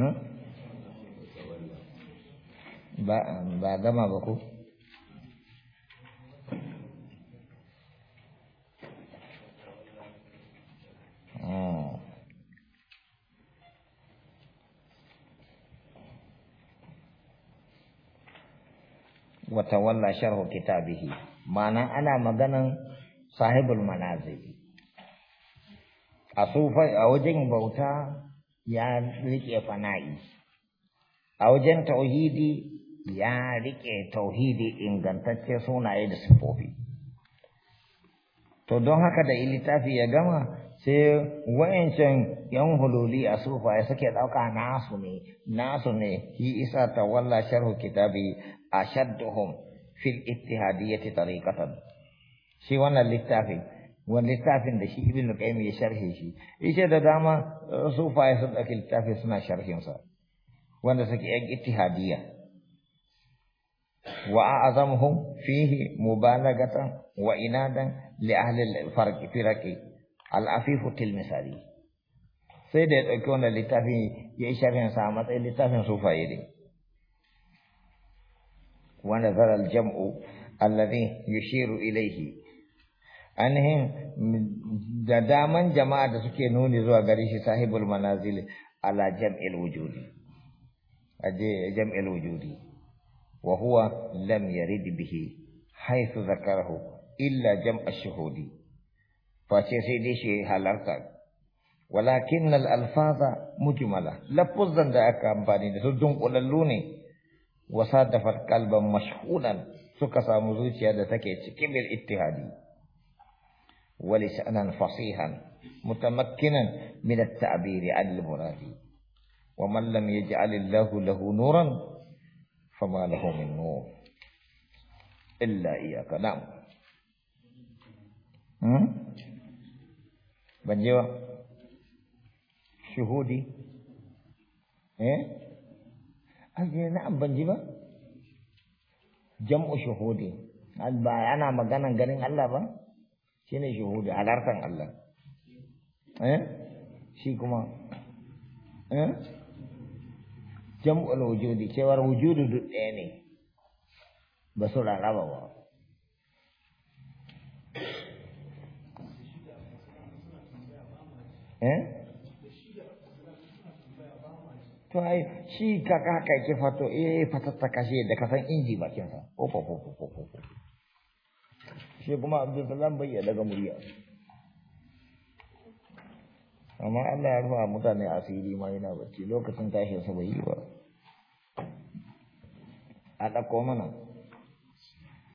Hmm? ba gama ba ko hmm. watawalla sharhu kitabihi ma'ana ana maganan sahibul manazili a a wajen bauta ya riƙe fana'i a wajen tauhidi ya riƙe tauhidi ingantacce sunaye da sufofi to don haka da littafi ya gama sai wa'ancan yan hululi a sufa ya suke ɗauka nasu ne nasu ne yi isa ta walla sharhu kitabi a shadduhum fil ittihadiyyati tariqatan shi wannan littafin وان لتافن ده شيء ابن القيم يشرحه شيء ايش هذا داما صوفا يصد اكي لتافن اسمع شرحه مصار وان اج اتهادية واعظمهم فيه مبالغة وانادا لأهل الفرق في ركي العفيف تلمساري سيدة اكونا لتافن يشرحه سامت اي لتافن صوفا يدي ونظر الجمع الذي يشير إليه ainihin da daman jama'a da suke nuni zuwa gare shi sahibul manazil ala jam'il wujudi aje jam'il wujudi wa huwa lam yarid bihi haythu zakarahu illa jam'a shuhudi fa ce sai dai shi halarta walakin al-alfaza mujmala lafuzan da aka amfani da su dunkulallu ne wasadafat qalban mashhulan suka samu zuciya da take cikin bil ittihadi ولسانا فصيحا متمكنا من التعبير عن المراد ومن لم يجعل الله له نورا فما له من نور إلا إياك نعم بنجوا شهودي إيه أجي نعم بنجوا جمع شهودي أنا ما أنا مجانا جرين الله بقى shine shuhudu halartan Allah eh shi kuma eh jam'ul wujudi cewar wujudu duk ɗaya ne ba su ba eh to ai shi kaka fato eh fatatta da kasan inji bakinsa ko ko ko ko ko shi kuma salam bai yi daga murya amma Allah ya rufa mutane a asiri ma yana bacci lokacin tashin sa bai yi ba a ɗauko mana